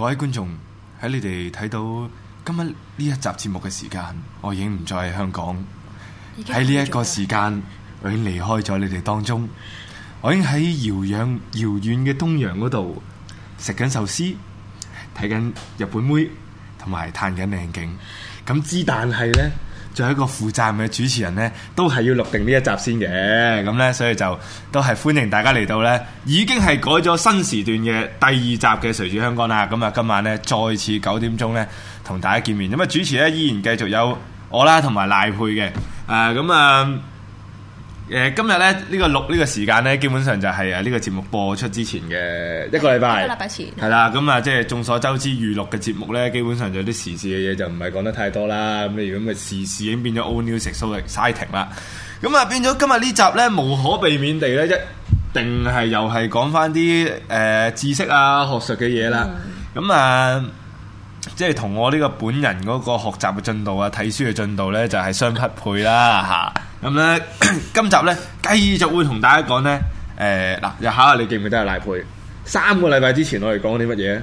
各位觀眾喺你哋睇到今日呢一集節目嘅時間，我已經唔再喺香港。喺呢一個時間，我已經離開咗你哋當中。我已經喺遙遠遙遠嘅東洋嗰度食緊壽司，睇緊日本妹，同埋嘆緊靚景。咁之，但係咧。作為一個負責任嘅主持人呢，都係要錄定呢一集先嘅。咁呢，所以就都係歡迎大家嚟到呢，已經係改咗新時段嘅第二集嘅《誰主香江》啦，咁啊今晚呢再次九點鐘呢同大家見面，咁啊主持呢依然繼續有我啦同埋賴珮嘅，誒咁啊。呃誒、呃，今日咧呢、這個錄呢個時間咧，基本上就係啊呢個節目播出之前嘅一個禮拜，一個禮拜前係啦，咁啊即係眾所周知，預錄嘅節目咧，基本上就啲時事嘅嘢就唔係講得太多啦。咁你啊，咁啊時事已經變咗 all news except side 停啦。咁、嗯、啊變咗今日呢集咧，無可避免地咧，一定係又係講翻啲誒知識啊，學術嘅嘢啦。咁、嗯、啊，即係同我呢個本人嗰個學習嘅進度啊，睇書嘅進度咧，就係相匹配啦，吓。 咁咧、嗯，今集咧繼續會同大家講咧，誒、呃、嗱，又考下你記唔記得阿賴珮三個禮拜之前我哋講啲乜嘢？誒、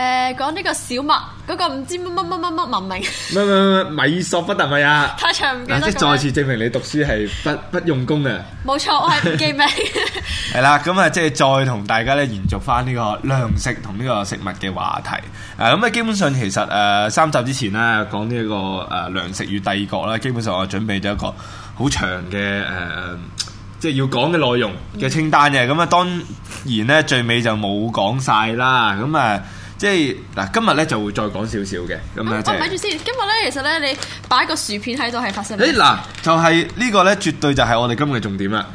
呃，講呢個小麥嗰、那個唔知乜乜乜乜文明什麼什麼什麼？乜乜乜美索不達米亞啊！太長，那個，即係再次證明你讀書係不不用功嘅。冇錯，我係唔記名。係啦，咁啊，即係再同大家咧延續返呢個糧食同呢個食物嘅話題。啊，咁啊，基本上其實誒、呃、三集之前咧講呢、這、一個誒糧、呃、食與帝國啦，基本上我準備咗一個。好長嘅誒、呃，即係要講嘅內容嘅清單嘅，咁啊、嗯、當然咧最尾就冇講晒啦，咁、嗯、啊、嗯、即係嗱今日咧就會再講少少嘅，咁啊即咪住先，今日咧其實咧你擺個薯片喺度係發生誒嗱、哎，就係、是、呢個咧絕對就係我哋今日嘅重點啦。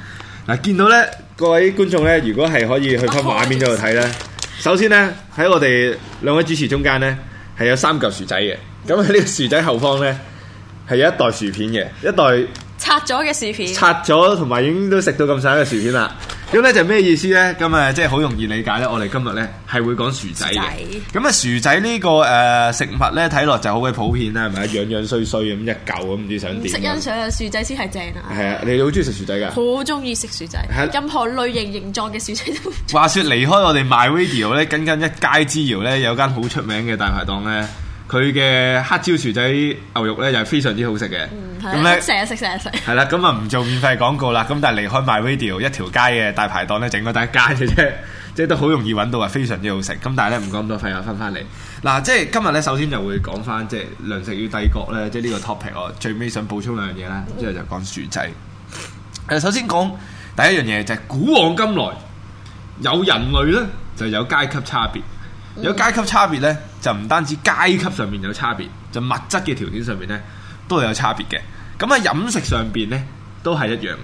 嗱，見到咧各位觀眾咧，如果係可以去翻畫可面嗰度睇咧，首先咧喺我哋兩位主持中間咧係有三嚿薯仔嘅，咁喺呢個薯仔後方咧係有一袋薯片嘅，一袋。拆咗嘅薯片，拆咗同埋已經都食到咁細嘅薯片啦。咁咧就咩意思咧？咁啊，即係好容易理解咧。我哋今日咧係會講薯仔咁啊仔、嗯，薯仔呢、這個誒、呃、食物咧，睇落就好鬼普遍啦，係咪啊？樣樣衰衰咁一嚿咁，唔知想點？食。欣賞啊，薯仔先係正啊！係啊，你好中意食薯仔噶？好中意食薯仔，的任何類型形狀嘅薯仔都。都話說離開我哋 My Radio 咧，僅僅一街之遙咧，有間好出名嘅大排檔咧。呢佢嘅黑椒薯仔牛肉咧，就係非常之好食嘅。咁咧成日食，成日食。係啦，咁啊唔做免費廣告啦。咁但係離開 MyRadio 一條街嘅大排檔咧，整咗得一間嘅啫，即係都好容易揾到啊，非常之好食。咁但係咧唔講咁多廢話，分翻嚟。嗱，即係今日咧，首先就會講翻即係糧食與帝國咧，即係呢個 topic 我最尾想補充兩樣嘢咧，之後就講薯仔。誒，首先講第一樣嘢就係古往今來有人類咧，就有階級差別。有階級差別呢，就唔單止階級上面有差別，就物質嘅條件上面呢，都係有差別嘅。咁喺飲食上邊呢，都係一樣嘅。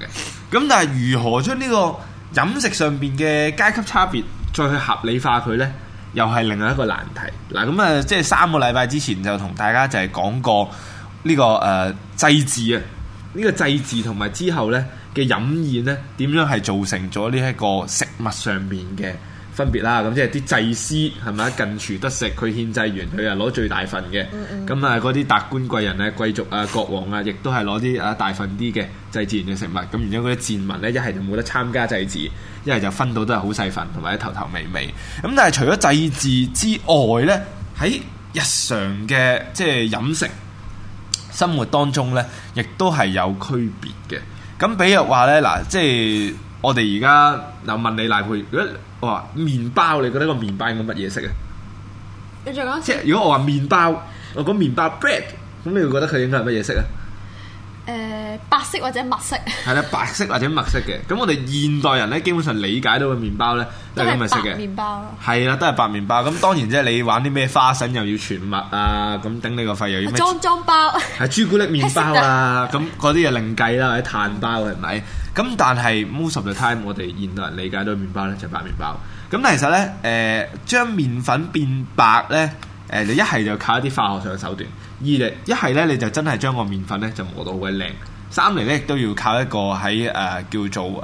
咁但係如何將呢個飲食上邊嘅階級差別再去合理化佢呢？又係另外一個難題。嗱，咁啊，即係三個禮拜之前就同大家就係講過呢、呢個誒、呃、祭祀啊，呢、呢個祭祀同埋之後呢嘅飲宴呢，點樣係造成咗呢一個食物上面嘅。分別啦，咁即係啲祭司係咪近廚得食，佢獻祭完佢啊攞最大份嘅。咁啊、嗯嗯，嗰啲達官貴人咧、貴族啊、國王啊，亦都係攞啲啊大份啲嘅祭祀嚟嘅食物。咁然之後嗰啲賤民咧，一係就冇得參加祭祀，一係就分到都係好細份同埋啲頭頭尾尾。咁但係除咗祭祀之外咧，喺日常嘅即係飲食生活當中咧，亦都係有區別嘅。咁比如話咧，嗱，即係我哋而家嗱問你賴珮。如果話麵包，你覺得個麵包應該乜嘢色啊？你再講，即係如果我話麵包，我講麵包 bread，咁你會覺得佢應該係乜嘢色啊？誒、呃，白色或者墨色。係啦，白色或者墨色嘅。咁我哋現代人咧，基本上理解到嘅麵包咧，都係麥色嘅麵包。係啦，都係白麵包。咁 當然即係你玩啲咩花神又要全麥啊，咁頂你個肺又要咩？裝裝 包係朱古力麵包啊，咁嗰啲就另計啦，或者碳包係咪？ 咁但係 most of the time 我哋現代人理解到麵包咧就白麵包。咁其實咧，誒、呃、將麵粉變白咧，誒、呃、你一係就靠一啲化學上嘅手段，二嚟一係咧你就真係將個麵粉咧就磨到好鬼靚，三嚟咧亦都要靠一個喺誒、呃、叫做誒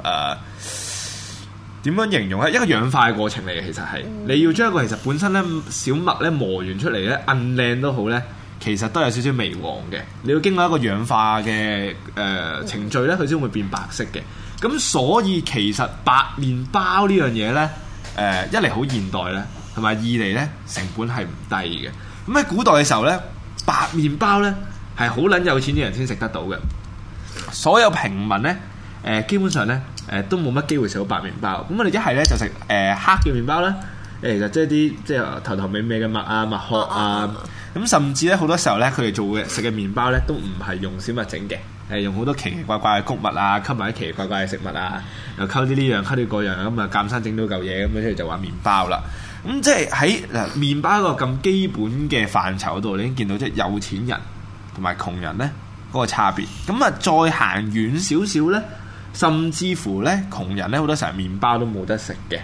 點、呃、樣形容啊一個氧化嘅過程嚟嘅其實係，嗯、你要將一個其實本身咧小麥咧磨完出嚟咧，摁靚都好咧。其實都有少少微黃嘅，你要經過一個氧化嘅誒、呃、程序咧，佢先會變白色嘅。咁所以其實白麵包呢樣嘢呢，誒、呃、一嚟好現代咧，同埋二嚟呢，成本係唔低嘅。咁喺古代嘅時候呢，白麵包呢係好撚有錢啲人先食得到嘅。所有平民呢，呃、基本上呢，誒、呃、都冇乜機會食到白麵包。咁我哋一係呢，就食誒、呃、黑嘅麪包啦，其實即係啲即係頭頭尾尾嘅麥啊、麥殼啊。啊。咁甚至咧，好多時候咧，佢哋做嘅食嘅麵包咧，都唔係用小麥整嘅，係用好多奇奇怪怪嘅穀物啊，吸埋啲奇奇怪怪嘅食物啊，又溝啲呢樣，溝啲嗰樣，咁啊，間生整到嚿嘢咁樣，即係就話麵包啦。咁即係喺嗱麵包一個咁基本嘅範疇度，你已經見到即係有錢人同埋窮人咧嗰個差別。咁啊，再行遠少少咧，甚至乎咧，窮人咧好多時候麵包都冇得食嘅。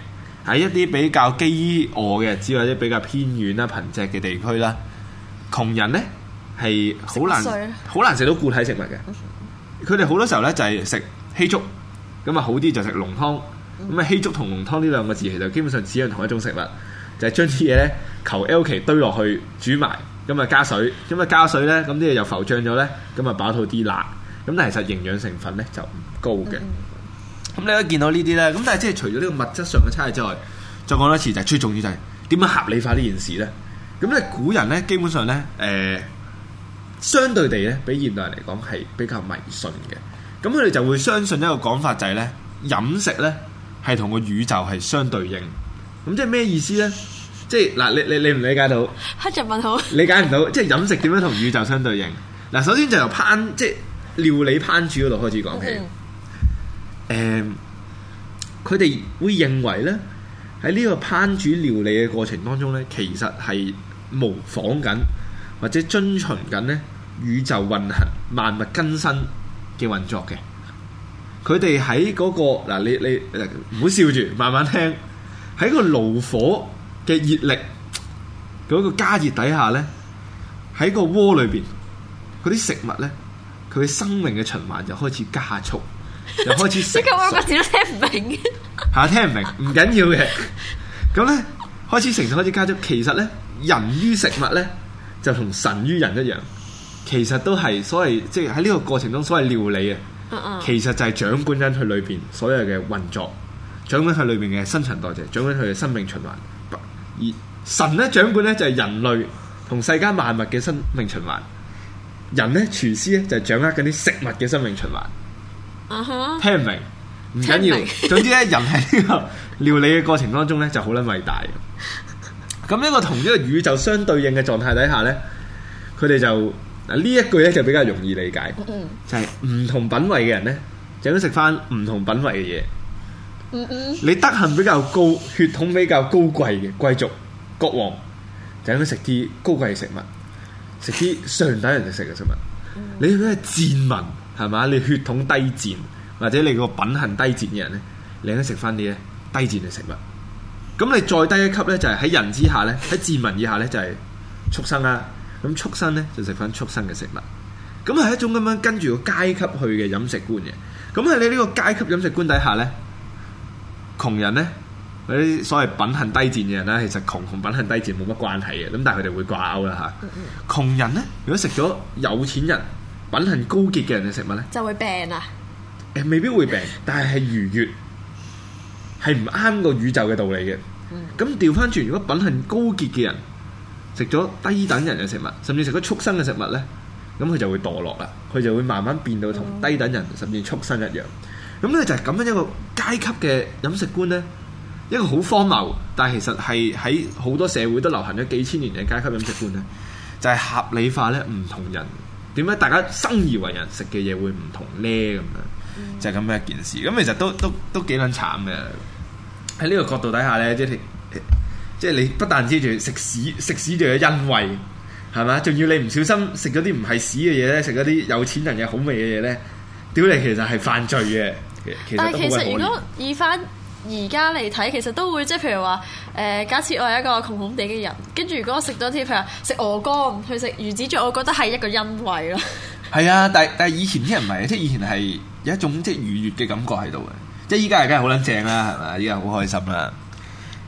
喺一啲比較飢餓嘅，之或者比較偏遠啦、貧瘠嘅地區啦。窮人咧係好難好水難食到固體食物嘅，佢哋好多時候咧就係食稀粥，咁啊好啲就食濃湯，咁啊 稀粥同濃湯呢兩個字其實基本上只係同一種食物，就係將啲嘢咧求 L 其堆落去煮埋，咁啊加水，咁啊加水咧，咁啲嘢又浮脹咗咧，咁啊飽肚啲辣，咁但係其實營養成分咧就唔高嘅。咁 你都見到呢啲咧，咁但係即係除咗呢個物質上嘅差異之外，再講多次就係、是、最重要就係點樣合理化呢件事咧。咁咧，古人咧，基本上咧，誒、呃，相對地咧，比現代人嚟講係比較迷信嘅。咁佢哋就會相信一個講法就係咧，飲食咧係同個宇宙係相對應。咁即係咩意思咧？即係嗱，你你你唔理解到？黑著問好。理解唔到， 即係飲食點樣同宇宙相對應？嗱，首先就由烹即係料理烹煮嗰度開始講起。誒、嗯，佢哋、嗯、會認為咧，喺呢個烹煮料理嘅過程當中咧，其實係。模仿緊或者遵循緊咧，宇宙運行、萬物更新嘅運作嘅，佢哋喺嗰個嗱，你你唔好笑住，慢慢聽。喺個爐火嘅熱力嗰個加熱底下咧，喺個鍋裏邊嗰啲食物咧，佢嘅生命嘅循環就開始加速，就開始成。我個字都聽唔明。吓， 聽唔明唔緊要嘅。咁咧開始成熟，開始加速。其實咧。人於食物咧，就同神於人一樣，其實都係所謂即係喺呢個過程中所謂料理啊，uh oh. 其實就係掌管緊佢裏邊所有嘅運作，掌管佢裏邊嘅新陳代謝，掌管佢嘅生命循環。而神咧掌管咧就係、是、人類同世間萬物嘅生命循環，人咧廚師咧就係、是、掌握緊啲食物嘅生命循環。啊、uh huh. 聽唔明？唔緊要，聽名 總之咧人喺呢個料理嘅過程當中咧就好撚偉大。咁呢個同一個宇宙相對應嘅狀態底下呢，佢哋就啊呢一句咧就比較容易理解，mm hmm. 就係唔同品位嘅人呢，就應該食翻唔同品位嘅嘢。Mm hmm. 你德行比較高，血統比較高貴嘅貴族、國王，就應該食啲高貴嘅食物，食啲上等人食嘅食物。Mm hmm. 你如果係賤民係嘛，你血統低賤或者你個品行低賤嘅人呢，你應該食翻啲咧低賤嘅食物。咁你再低一級咧，就係喺人之下咧，喺自民以下咧，就係畜生啦。咁畜生咧就食返畜生嘅食物。咁係一種咁樣跟住個階級去嘅飲食觀嘅。咁喺你呢個階級飲食觀底下咧，窮人咧，嗰啲所謂品行低賤嘅人咧，其實窮同品行低賤冇乜關係嘅。咁但係佢哋會掛鈎啦吓。窮人咧，如果食咗有錢人品行高潔嘅人嘅食物咧，就會病啊？誒，未必會病，但係係愉悅，係唔啱個宇宙嘅道理嘅。咁調翻轉，如果品行高潔嘅人食咗低等人嘅食物，甚至食咗畜生嘅食物呢，咁佢就會墮落啦，佢就會慢慢變到同低等人甚至畜生一樣。咁呢就係咁樣一個階級嘅飲食觀呢，一個好荒謬，但係其實係喺好多社會都流行咗幾千年嘅階級飲食觀呢，就係合理化呢唔同人點解大家生而為人食嘅嘢會唔同呢？咁樣，就係咁樣一件事。咁其實都都都，都幾捻慘嘅。喺呢個角度底下咧，即係即係你不但止仲食屎食屎，仲有欣慰，係嘛？仲要你唔小心食咗啲唔係屎嘅嘢咧，食咗啲有錢人嘅好味嘅嘢咧，屌你，其實係犯罪嘅。但係其實如果以翻而家嚟睇，其實都會即係譬如話，誒，假設我係一個窮窮地嘅人，跟住如果我食咗啲譬如話食鵝肝去食魚子醬，我覺得係一個欣慰咯。係啊，但係但係以前啲人唔係，即係以前係有一種即係愉悦嘅感覺喺度嘅。即係依家，梗係好撚正啦，係咪？依家好開心啦。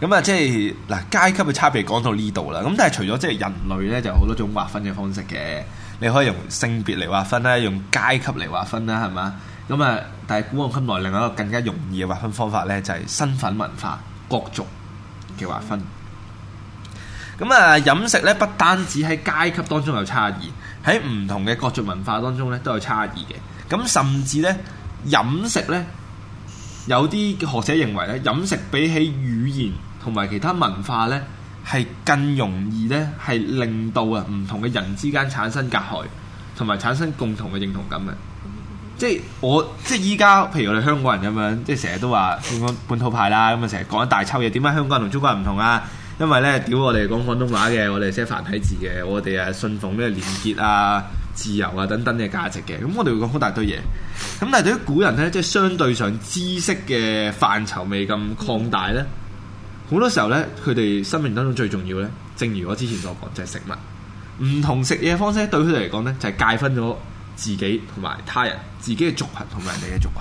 咁啊，即係嗱階級嘅差別講到呢度啦。咁但係除咗即係人類咧，就好多種劃分嘅方式嘅。你可以用性別嚟劃分啦，用階級嚟劃分啦，係嘛？咁啊，但係古往今來，另外一個更加容易嘅劃分方法咧，就係身份文化、國族嘅劃分。咁啊，飲食咧，不單止喺階級當中有差異，喺唔同嘅國族文化當中咧都有差異嘅。咁甚至咧，飲食咧。有啲學者認為咧，飲食比起語言同埋其他文化咧，係更容易咧，係令到啊唔同嘅人之間產生隔閡，同埋產生共同嘅認同感嘅。即係我即係依家，譬如我哋香港人咁樣，即係成日都話香港本土派啦，咁啊成日講大抽嘢。點解香港人同中國人唔同啊？因為咧，屌我哋講廣東話嘅，我哋寫繁體字嘅，我哋啊信奉咩連結啊？自由啊，等等嘅價值嘅，咁我哋會講好大堆嘢。咁但係對於古人呢，即係相對上知識嘅範疇未咁擴大呢，好多時候呢，佢哋生命當中最重要呢，正如我之前所講，就係食物。唔同食嘢方式對佢哋嚟講呢，就係界分咗自己同埋他人，自己嘅族群同埋人哋嘅族群。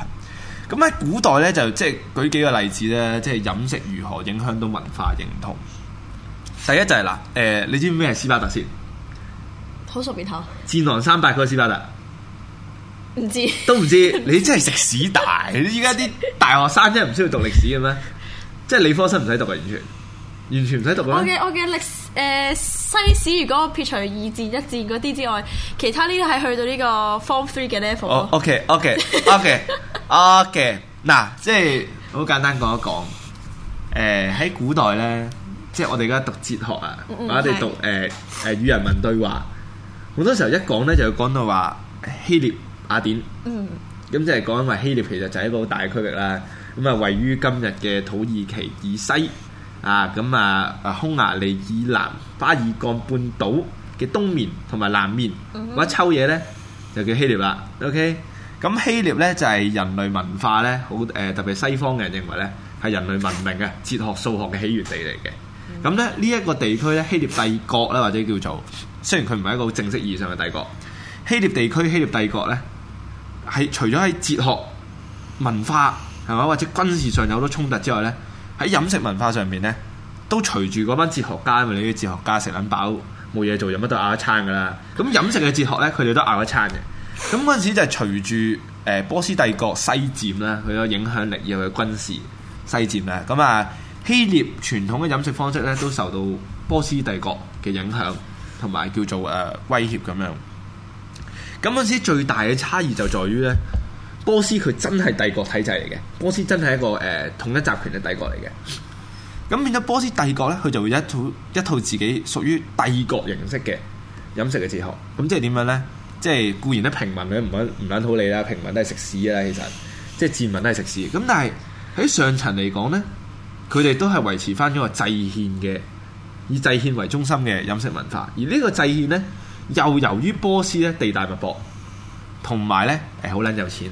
咁喺古代呢，就即係舉幾個例子呢，即係飲食如何影響到文化認同。第一就係嗱，誒，你知唔知咩斯巴達先？好熟面頭？戰狼三百個斯巴達？唔知都唔知， 你真係食屎大？依家啲大學生真係唔需要讀歷史嘅咩？即係理科生唔使讀啊，完全完全唔使讀咯。我嘅我嘅歷誒西史，如果撇除二戰一戰嗰啲之外，其他呢係去到呢個 form three 嘅 level 咯。Oh, OK OK OK OK，嗱、okay.，即係好簡單講一講。誒、呃、喺古代咧，即係我哋而家讀哲學啊，我哋是讀誒誒與人民對話。好多時候一講咧，就要講到話希臘雅典，咁即係講因為希臘其實就係一個好大區域啦，咁啊位於今日嘅土耳其以西啊，咁啊啊匈牙利以南巴爾幹半島嘅東面同埋南面，嗰、嗯嗯、一抽嘢咧就叫希臘啦，OK？咁希臘咧就係人類文化咧好誒，特別西方嘅人認為咧係人類文明嘅哲學、數學嘅起源地嚟嘅。咁咧，呢一個地區咧，希臘帝國咧，或者叫做，雖然佢唔係一個好正式意義上嘅帝國，希臘地區、希臘帝國咧，喺除咗喺哲學文化係嘛，或者軍事上有好多衝突之外咧，喺飲食文化上面咧都隨住嗰班哲學家，因為呢啲哲學家食撚飽冇嘢做，飲乜都嗌一餐㗎啦。咁飲食嘅哲學咧，佢哋都嗌一餐嘅。咁嗰陣時就係隨住誒波斯帝國西漸啦，佢個影響力又係軍事西漸啦。咁啊～希臘傳統嘅飲食方式咧，都受到波斯帝國嘅影響同埋叫做誒、呃、威脅咁樣。咁嗰陣時最大嘅差異就在於咧，波斯佢真係帝國體制嚟嘅，波斯真係一個誒、呃、統一集權嘅帝國嚟嘅。咁變咗波斯帝國咧，佢就會有一套一套自己屬於帝國形式嘅飲食嘅哲學。咁即係點樣咧？即係固然咧，平民咧唔肯唔肯好理啦，平民都係食屎啦，其實即係賤民都係食屎。咁但係喺上層嚟講咧。佢哋都係維持翻嗰個祭獻嘅，以祭獻為中心嘅飲食文化。而呢個祭獻呢，又由於波斯呢，地大物博，同埋呢，誒，好撚有錢，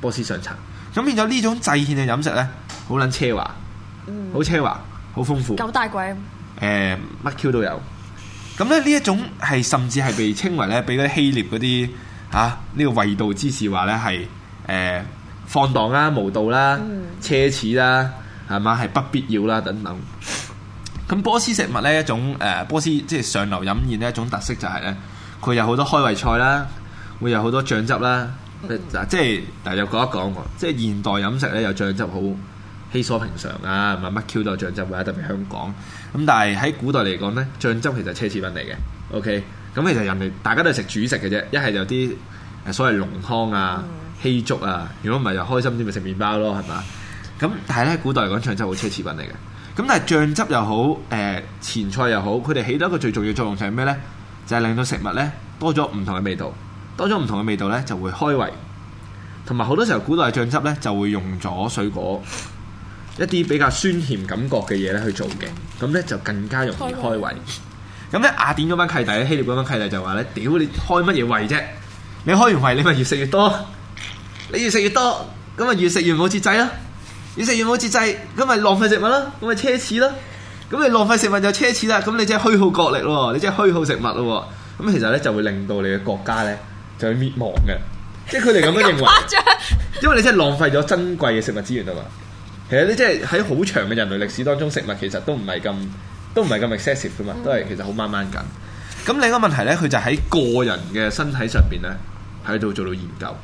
波斯上層，咁變咗呢種祭獻嘅飲食呢，好撚奢華，好、嗯、奢華，好豐富。九大鬼誒乜 Q 都有。咁咧，呢一種係甚至係被稱為呢，俾嗰啲希臘嗰啲嚇呢個衛道之士話呢係誒放蕩啦、無道啦、奢侈啦。嗯嗯係嘛？係不必要啦，等等。咁波斯食物呢，一種誒，波斯即係上流飲宴呢一種特色就係呢，佢有好多開胃菜啦，會有好多醬汁啦、嗯。即係大約講一講喎。即係現代飲食呢，有醬汁好稀疏平常啊，乜乜 Q 都有醬汁啊，特別香港。咁但係喺古代嚟講呢，醬汁其實奢侈品嚟嘅。OK，咁其實人哋大家都係食主食嘅啫，一係有啲所謂濃湯啊、稀粥啊。如果唔係，又開心啲咪食麪包咯，係嘛？咁但係咧，古代嚟講，醬汁好奢侈品嚟嘅。咁但係醬汁又好，誒、呃、前菜又好，佢哋起到一個最重要作用就係咩呢？就係、是、令到食物咧多咗唔同嘅味道，多咗唔同嘅味道呢就會開胃。同埋好多時候，古代嘅醬汁呢就會用咗水果一啲比較酸甜感覺嘅嘢咧去做嘅，咁呢、嗯、就更加容易開胃。咁胃呢，雅典嗰班契弟，希臘嗰班契弟就話呢，屌你開乜嘢胃啫？你開完胃，你咪越食越多，你越食越多，咁咪越食越冇節制啦。要食完冇節制，咁咪浪費食物啦，咁咪奢侈啦。咁你浪費食物就奢侈啦，咁你即係虛耗國力咯，你即係虛耗食物咯。咁其實咧就會令到你嘅國家咧就會滅亡嘅，即係佢哋咁樣認為。 因為你真係浪費咗珍貴嘅食物資源啊嘛。其實你即係喺好長嘅人類歷史當中，食物其實都唔係咁，都唔係咁 excessive 噶嘛，嗯、都係其實好掹掹緊。咁另一個問題咧，佢就喺個人嘅身體上邊咧，喺度做到研究。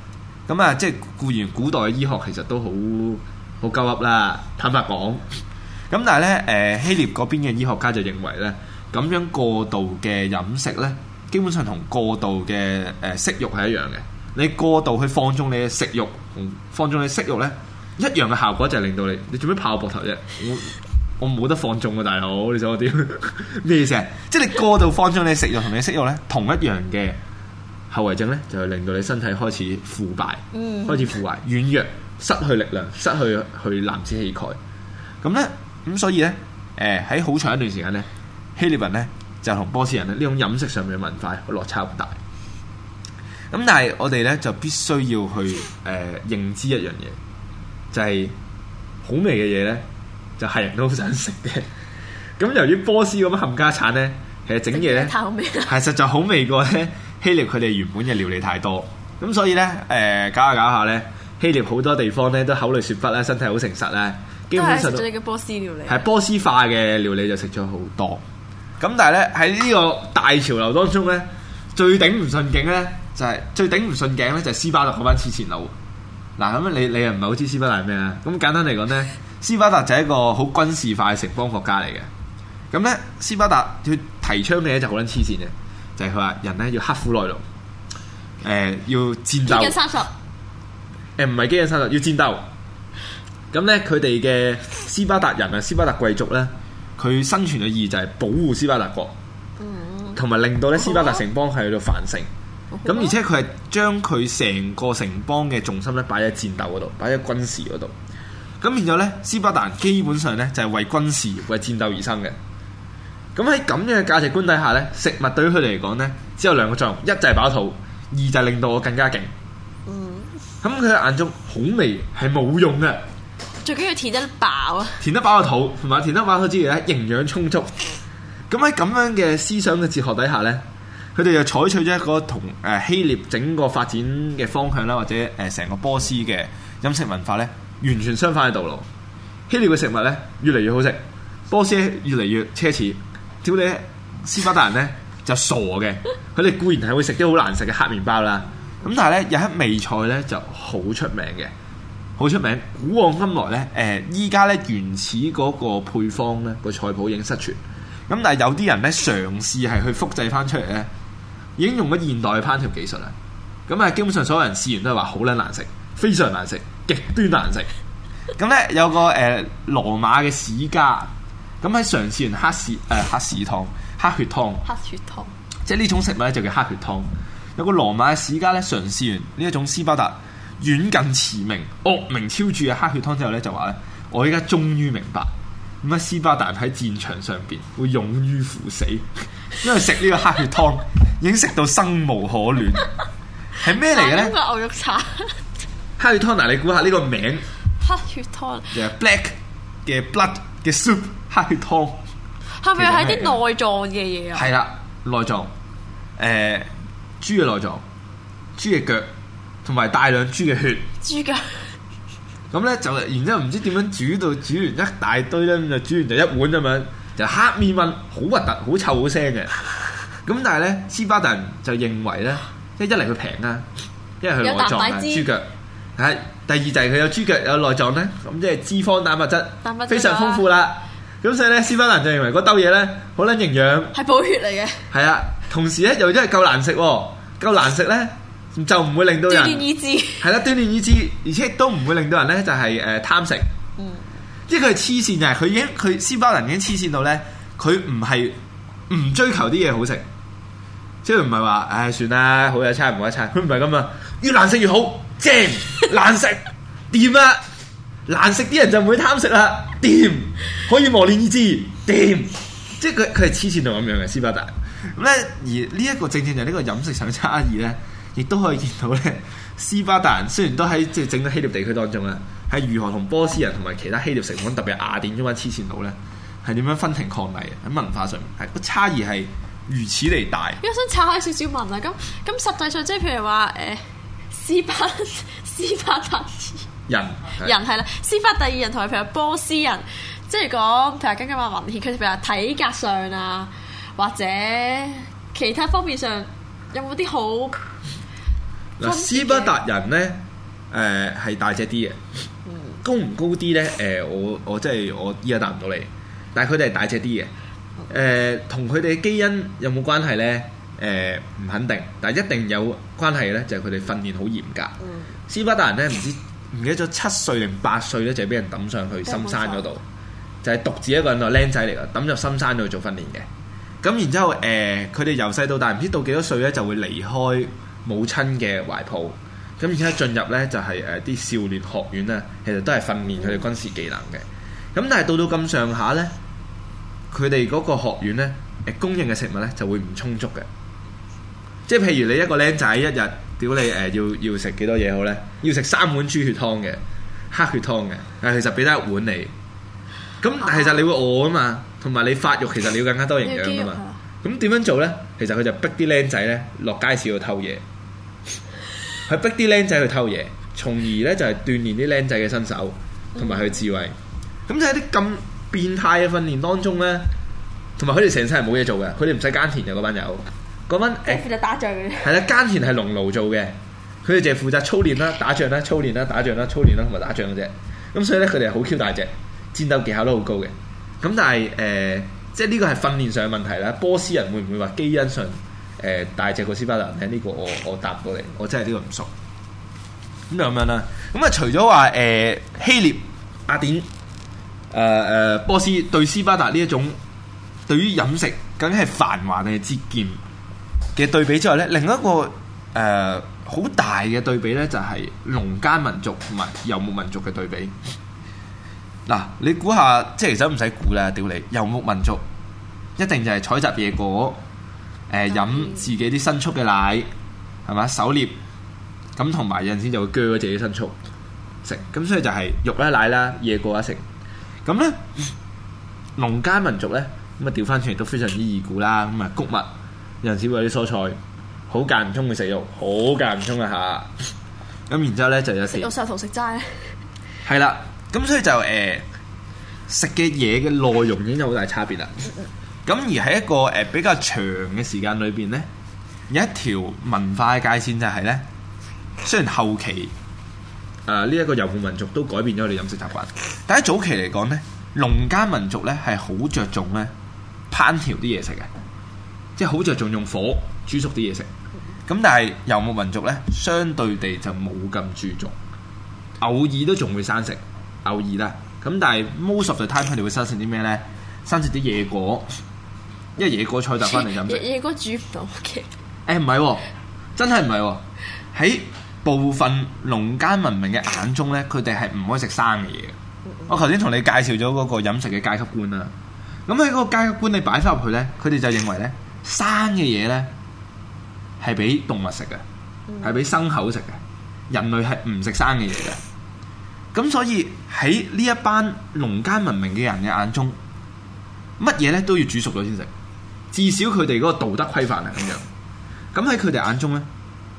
咁啊，即係固然古代嘅醫學其實都好。好鳩噏啦，坦白講，咁但係咧，誒，希臘嗰邊嘅醫學家就認為咧，咁樣過度嘅飲食咧，基本上同過度嘅誒色慾係一樣嘅。你過度去放縱你嘅食欲，同放縱你色慾咧，一樣嘅效果就係令到你，你做咩拍我膊頭啫？我我冇得放縱啊，大佬，你想我點？咩意思啊？即係你過度放縱你食欲同你色慾咧，同一樣嘅後遺症咧，就係令到你身體開始腐敗，嗯，開始腐壞軟弱。失去力量，失去去男子氣概，咁咧，咁所以咧，誒喺好長一段時間咧，希臘人咧就同波斯人咧呢種飲食上面嘅文化落差好大。咁但係我哋咧就必須要去誒、呃、認知一樣嘢，就係、是、好味嘅嘢咧，就係人都好想食嘅。咁 由於波斯嗰班冚家產咧，其實整嘢咧係實在好味過咧希臘佢哋原本嘅料理太多，咁所以咧誒、呃、搞下搞下咧。呢呢希臘好多地方咧都考慮説法咧，身體好誠實咧，基本上係波斯料理，係波斯化嘅料理就食咗好多。咁但係咧喺呢個大潮流當中咧，最頂唔順境咧就係、是、最頂唔順境咧就係斯巴達嗰班黐線佬。嗱咁 你你又唔係好知斯巴達係咩啊？咁簡單嚟講咧，斯巴達就係一個好軍事化嘅城邦國家嚟嘅。咁咧斯巴達佢提倡嘅嘢就好撚黐線嘅，就係佢話人咧要刻苦耐勞，誒、呃、要戰鬥。三十。誒，唔係、欸、基因生落，要戰鬥。咁呢，佢哋嘅斯巴達人啊， 斯巴達貴族呢，佢生存嘅意義就係保護斯巴達國，同埋 令到咧斯巴達城邦喺度繁盛。咁 而且佢係將佢成個城邦嘅重心咧，擺喺戰鬥嗰度，擺喺軍事嗰度。咁變咗呢，斯巴達基本上呢就係為軍事、為戰鬥而生嘅。咁喺咁樣嘅價值觀底下呢，食物對於佢哋嚟講呢，只有兩個作用：一就係飽肚，二就係令到我更加勁。咁佢嘅眼中，好味係冇用嘅。最緊要填得飽啊！填得飽個肚同埋填得飽肚之餘咧，營養充足。咁喺咁樣嘅思想嘅哲學底下咧，佢哋又採取咗一個同誒希臘整個發展嘅方向啦，或者誒成個波斯嘅飲食文化咧，完全相反嘅道路。 希臘嘅食物咧，越嚟越好食，波斯越嚟越奢侈。屌你， 斯巴達人咧就傻嘅，佢哋固然係會食啲好難食嘅黑麵包啦。咁但係咧，有一味菜咧就好出名嘅，好出名。古往今來咧，誒依家咧原始嗰個配方咧個菜譜已經失傳。咁但係有啲人咧嘗試係去複製翻出嚟咧，已經用咗現代嘅烹調技術啦。咁、嗯、啊，基本上所有人試完都係話好撚難食，非常難食，極端難食。咁、嗯、咧有個誒、呃、羅馬嘅史家，咁、嗯、喺嘗試完黑屎誒、呃、黑屎湯、黑血湯、黑血湯，即係呢種食物呢就叫黑血湯。有個羅馬史家咧嘗試完呢一種斯巴達遠近馳名惡名，哦，昭著嘅黑血湯之後咧，就話咧，我依家終於明白點解斯巴達喺戰場上邊會勇於赴死，因為食呢個黑血湯已經食到生無可戀，係咩嚟嘅咧？個牛肉茶黑血湯嗱，啊，你估下呢個名黑血湯就係 black 嘅 blood 嘅 soup 黑血湯，係咪係啲內臟嘅嘢啊？係啦，內臟誒。豬嘅內臟、豬嘅腳同埋大量豬嘅血、豬腳，咁咧就然之後唔知點樣煮到煮完一大堆咧，就煮完就一碗咁樣，就黑麵粉，好核突，好臭好腥嘅。咁但係咧，斯巴達人就認為咧，即係一嚟佢平啦，因為佢內臟、豬腳但豬腳，係第二就係佢有豬腳有內臟咧，咁即係脂肪蛋白質蛋白質非常豐富啦。咁、啊、所以咧，斯巴達人就認為嗰兜嘢咧好捻營養，係補血嚟嘅。係啊，同時咧又真係夠難食。夠難食咧，就唔會令到人鍛煉意志。係啦，鍛煉意志，而且亦都唔會令到人咧，就係誒貪食。呃、嗯，即係佢係黐線嘅，佢已經佢斯巴達已經黐線到咧，佢唔係唔追求啲嘢好食，即係唔係話唉算啦，好一餐冇一餐，佢唔係咁啊，越難食越好，正。難食掂 啊？難食啲人就唔會貪食啦，掂可以磨練意志，掂即係佢佢係黐線到咁樣嘅斯巴達。咁咧，而呢一個正正就係呢個飲食上嘅差異咧，亦都可以見到咧。斯巴達人雖然都喺即係整個希臘地區當中啦，係如何同波斯人同埋其他希臘城邦，特別係雅典嗰班黐線佬咧，係點樣分庭抗禮？喺文化上，係個差異係如此嚟大。因為我想拆開少少問啊，咁咁實際上，即係譬如話誒、欸、斯巴斯巴達人，人係啦，斯巴達第二人同埋譬如波斯人，即係講譬如更加話文獻，佢譬如話體格上啊。或者其他方面上有冇啲好？斯巴達人呢誒係、呃、大隻啲嘅，高唔高啲呢？誒、呃，我我真係我依家答唔到你。但係佢哋係大隻啲嘅，誒、呃，同佢哋嘅基因有冇關係呢？誒、呃，唔肯定，但係一定有關係呢就係佢哋訓練好嚴格。嗯、斯巴達人呢，唔知唔記得咗七歲定八歲呢，就係俾人抌上去深山嗰度，就係獨自一個人個僆仔嚟噶，抌咗深山度做訓練嘅。咁然之後，誒佢哋由細到大唔知到幾多歲咧，就會離開母親嘅懷抱。咁然之後進入咧就係誒啲少年學院咧，其實都係訓練佢哋軍事技能嘅。咁但係到到咁上下咧，佢哋嗰個學院咧，誒供應嘅食物咧就會唔充足嘅。即係譬如你一個僆仔，一日屌你誒要要食幾多嘢好咧？要食三碗豬血湯嘅黑血湯嘅，誒其實俾得一碗你。咁其實你會餓啊嘛～同埋你發育，其實你要更加多營養噶嘛。咁點樣做咧？其實佢就逼啲僆仔咧落街市去偷嘢，佢 逼啲僆仔去偷嘢，從而咧就係鍛煉啲僆仔嘅身手同埋佢智慧。咁、嗯、就喺啲咁變態嘅訓練當中咧，同埋佢哋成世係冇嘢做嘅，佢哋唔使耕田嘅嗰班友，嗰班誒負責打仗嘅。係 啦，耕田係農奴做嘅，佢哋淨係負責操練啦、打仗啦、操練啦、打仗啦、操練啦同埋打仗嘅啫。咁所以咧，佢哋係好 Q 大隻，戰鬥技巧都好高嘅。咁但係誒、呃，即係呢個係訓練上嘅問題啦。波斯人會唔會話基因上誒、呃、大隻過斯巴達呢？呢、這、呢個我我答唔到你，我真係呢個唔熟。咁就咁樣啦。咁、嗯、啊，除咗話誒希臘、雅典、誒、呃、誒波斯對斯巴達呢一種對於飲食究竟係繁華定係節儉嘅對比之外咧，另一個誒好、呃、大嘅對比咧，就係農家民族同埋游牧民族嘅對比。嗱，你估下，即係其實唔使估啦，屌你，遊牧民族一定就係採集野果，誒飲自己啲牲畜嘅奶，係嘛？狩獵，咁同埋有陣時就會鋸咗自己牲畜食，咁所以就係肉啦、奶啦、野果啦食，咁咧農家民族咧，咁啊調翻出嚟都非常之易估啦，咁啊穀物，有陣時會有啲蔬菜，好間唔中嘅食肉，好間唔中嘅嚇，咁然之後咧就有時。用石頭食齋。係啦。咁所以就誒、呃、食嘅嘢嘅內容已經有好大差別啦。咁 而喺一個誒、呃、比較長嘅時間裏邊咧，有一條文化嘅界線就係咧，雖然後期誒呢一個遊牧民族都改變咗我哋飲食習慣，但喺早期嚟講咧，農家民族咧係好着重咧烹調啲嘢食嘅，即係好着重用火煮熟啲嘢食。咁但係遊牧民族咧相對地就冇咁注重，偶爾都仲會生食。偶爾啦，咁但係 most of the time 佢哋會生食啲咩咧？生食啲野果，因為野果菜就翻嚟飲食。 野果煮唔到嘅。誒唔係，真係唔係喎。喺部分農耕文明嘅眼中咧，佢哋係唔可以食生嘅嘢。嗯嗯，我頭先同你介紹咗嗰個飲食嘅階級觀啦。咁喺嗰個階級觀你擺翻入去咧，佢哋就認為咧，生嘅嘢咧係俾動物食嘅，係俾牲口食嘅，人類係唔食生嘅嘢嘅。 咁所以喺呢一班農耕文明嘅人嘅眼中，乜嘢咧都要煮熟咗先食。至少佢哋嗰個道德規範係咁樣。咁喺佢哋眼中咧，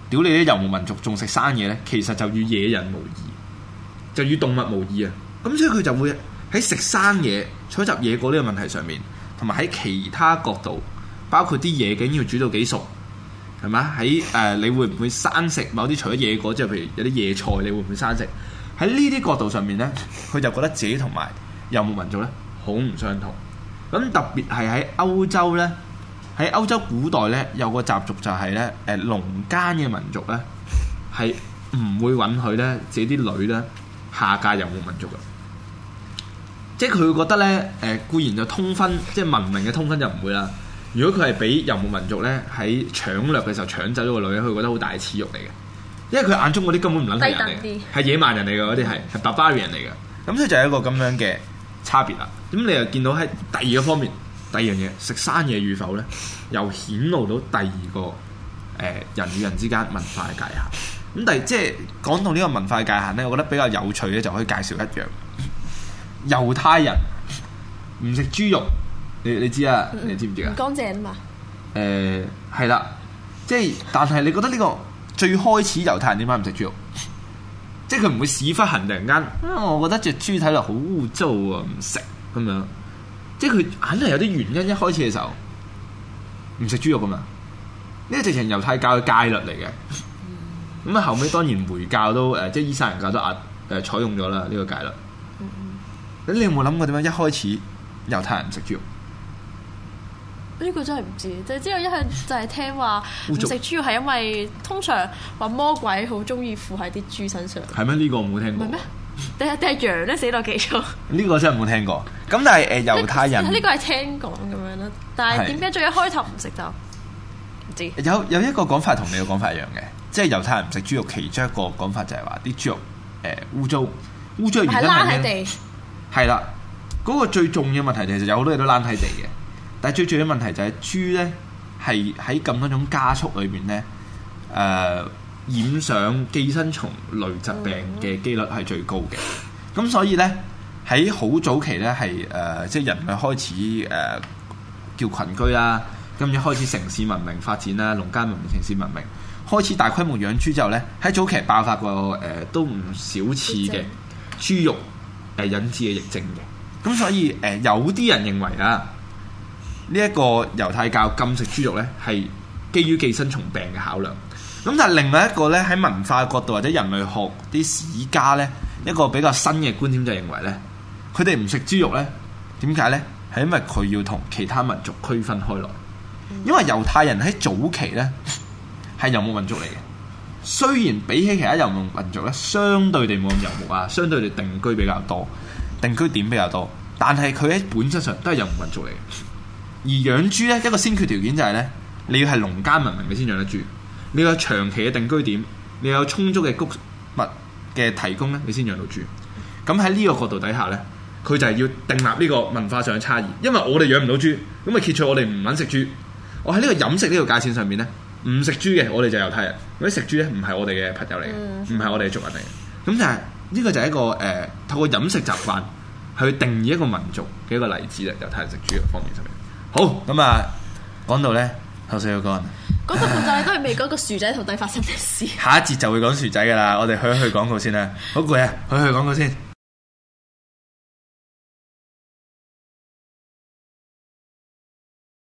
屌你啲游牧民族仲食生嘢咧，其實就與野人無異，就與動物無異啊。咁所以佢就會喺食生嘢、採集野果呢個問題上面，同埋喺其他角度，包括啲野景要煮到幾熟，係咪？喺誒、呃，你會唔會生食某啲除咗野果之後，譬如有啲野菜，你會唔會生食？喺呢啲角度上面呢，佢就覺得自己同埋遊牧民族呢好唔相同。咁特別係喺歐洲呢，喺歐洲古代呢，有個習俗就係、是、呢：誒農耕嘅民族呢，係唔會允許呢自己啲女呢下嫁遊牧民族㗎。即係佢會覺得呢，誒固然就通婚，即係文明嘅通婚就唔會啦。如果佢係俾遊牧民族呢喺搶掠嘅時候搶走咗個女咧，佢覺得好大恥辱嚟嘅。因為佢眼中嗰啲根本唔諗係人嚟，係野蠻人嚟嘅嗰啲係，係 Barbarian 嚟嘅。咁所以就有一個咁樣嘅差別啦。咁你又見到喺第二個方面，第二樣嘢食生嘢與否咧，又顯露到第二個誒、呃、人與人之間文化嘅界限。咁但係即係講到呢個文化界限咧，我覺得比較有趣嘅就可以介紹一樣，猶太人唔食豬肉。你你知啊？你知唔知啊？唔乾淨嘛？誒、呃，係啦，即係但係你覺得呢、這個？最開始猶太人點解唔食豬肉？即係佢唔會屎忽痕突然間啊。我覺得隻豬睇落好污糟啊，唔食咁樣。即係佢肯定有啲原因。一開始嘅時候唔食豬肉噶嘛？呢個直情猶太教嘅戒律嚟嘅。咁啊、嗯、後尾當然回教都誒，即係伊斯蘭教都啊誒採用咗啦呢個戒律。咁、嗯、你有冇諗過點樣一開始猶太人唔食豬肉？呢個真係唔知，就係知道一向就係聽話唔食豬肉係因為通常話魔鬼好中意附喺啲豬身上。係咩？呢個我冇聽過。唔係咩？定係羊咧死到幾錯？呢個真係冇聽過。咁但係誒猶太人呢個係聽講咁樣啦。但係點解最一開頭唔食就唔知？有有一個講法同你嘅講法一樣嘅，即係猶太人唔食豬肉。其中一個講法就係話啲豬肉誒污糟污糟躝喺地係啦，係、呃、啦，嗰個最重要問題其實有好多嘢都躝喺地嘅。但最主要問題就係豬呢，係喺咁多種家畜裏面呢，誒、呃、染上寄生蟲類疾病嘅機率係最高嘅。咁、嗯、所以呢，喺好早期呢，係誒、呃、即係人類開始誒、呃、叫群居啦，咁一開始城市文明發展啦，農家文明、城市文明開始大規模養豬之後呢，喺早期爆發過誒、呃、都唔少次嘅豬肉誒引致嘅疫症嘅。咁所以誒、呃，有啲人認為啦。呢一個猶太教禁食豬肉呢，係基於寄生蟲病嘅考量。咁但係另外一個呢，喺文化角度或者人類學啲史家呢，一個比較新嘅觀點就認為呢，佢哋唔食豬肉呢，點解呢？係因為佢要同其他民族區分開來。因為猶太人喺早期呢，係游牧民族嚟嘅，雖然比起其他游牧民族呢，相對地冇咁游牧啊，相對地定居比較多，定居點比較多，但係佢喺本質上都係游牧民族嚟嘅。而養豬呢，一個先決條件就係、是、呢：你要係農家文明，你先養得豬。你要有長期嘅定居點，你要有充足嘅穀物嘅提供咧，你先養到豬。咁喺呢個角度底下呢，佢就係要訂立呢個文化上嘅差異。因為我哋養唔到豬，咁咪揭出我哋唔肯食豬。我喺呢個飲食呢個界線上面呢，唔食豬嘅，我哋就係猶太人。嗰啲食豬呢，唔係我哋嘅朋友嚟嘅，唔係、嗯、我哋嘅族人嚟嘅。咁就係呢個就係一個誒、呃、透過飲食習慣去定義一個民族嘅一個例子嚟，猶太人食豬嘅方面。好咁啊，講到呢，頭先要講，講個伴奏都係未講個薯仔到底發生咩事，下一節就會講薯仔㗎喇，我哋去一去廣告先啦。好攰啊，去一去廣告先。